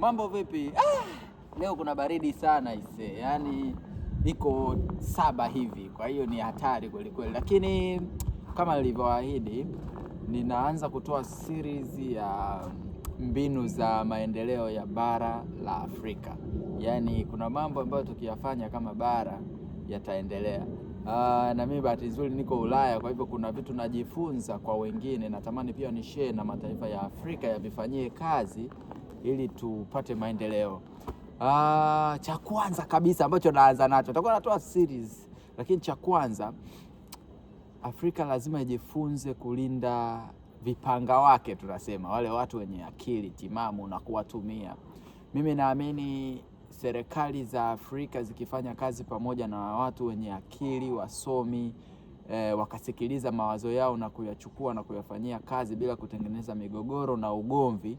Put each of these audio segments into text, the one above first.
Mambo vipi? Ah, leo kuna baridi sana ise, yaani iko saba hivi, kwa hiyo ni hatari kwelikweli, lakini kama nilivyoahidi, ninaanza kutoa series ya mbinu za maendeleo ya bara la Afrika. Yaani kuna mambo ambayo tukiyafanya kama bara yataendelea. Uh, na mimi bahati nzuri niko Ulaya, kwa hivyo kuna vitu najifunza kwa wengine, natamani pia ni share na mataifa ya Afrika yavifanyie kazi ili tupate maendeleo. Ah, cha kwanza kabisa ambacho naanza nacho, nitakuwa natoa series, lakini cha kwanza Afrika lazima ijifunze kulinda vipanga wake, tunasema wale watu wenye akili timamu na kuwatumia. Mimi naamini serikali za Afrika zikifanya kazi pamoja na watu wenye akili wasomi, e, wakasikiliza mawazo yao na kuyachukua na kuyafanyia kazi bila kutengeneza migogoro na ugomvi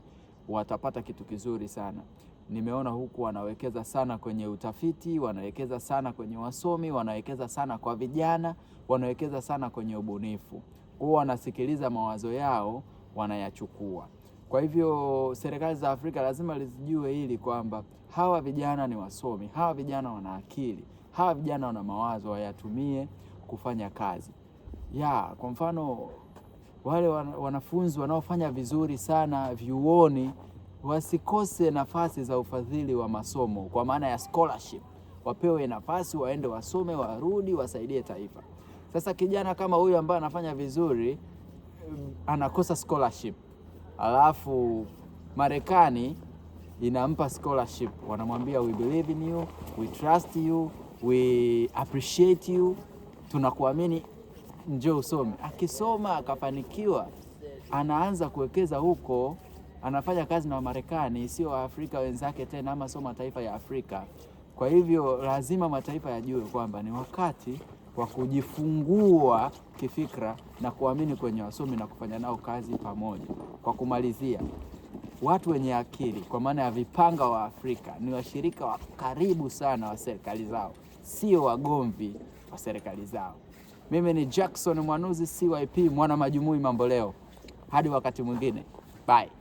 watapata kitu kizuri sana. Nimeona huku wanawekeza sana kwenye utafiti, wanawekeza sana kwenye wasomi, wanawekeza sana kwa vijana, wanawekeza sana kwenye ubunifu. Huwa wanasikiliza mawazo yao, wanayachukua. Kwa hivyo serikali za Afrika lazima lizijue hili kwamba hawa vijana ni wasomi, hawa vijana wana akili, hawa vijana wana mawazo, wayatumie kufanya kazi ya kwa mfano wale wanafunzi wanaofanya vizuri sana vyuoni wasikose nafasi za ufadhili wa masomo kwa maana ya scholarship, wapewe nafasi waende wasome, warudi, wasaidie taifa. Sasa kijana kama huyu ambaye anafanya vizuri eh, anakosa scholarship, alafu Marekani inampa scholarship, wanamwambia we believe in you, we trust you, we appreciate you, tunakuamini njoo usome. Akisoma akafanikiwa, anaanza kuwekeza huko, anafanya kazi na Wamarekani, sio Waafrika wenzake tena, ama sio mataifa ya Afrika. Kwa hivyo lazima mataifa yajue kwamba ni wakati wa kujifungua kifikra na kuamini kwenye wasomi na kufanya nao kazi pamoja. Kwa kumalizia, watu wenye akili kwa maana ya vipanga wa Afrika ni washirika wa karibu sana wa serikali zao, sio wagomvi wa serikali zao. Mimi ni Jackson Mwanuzi, CYP mwana majumui mambo leo. Hadi wakati mwingine, bye.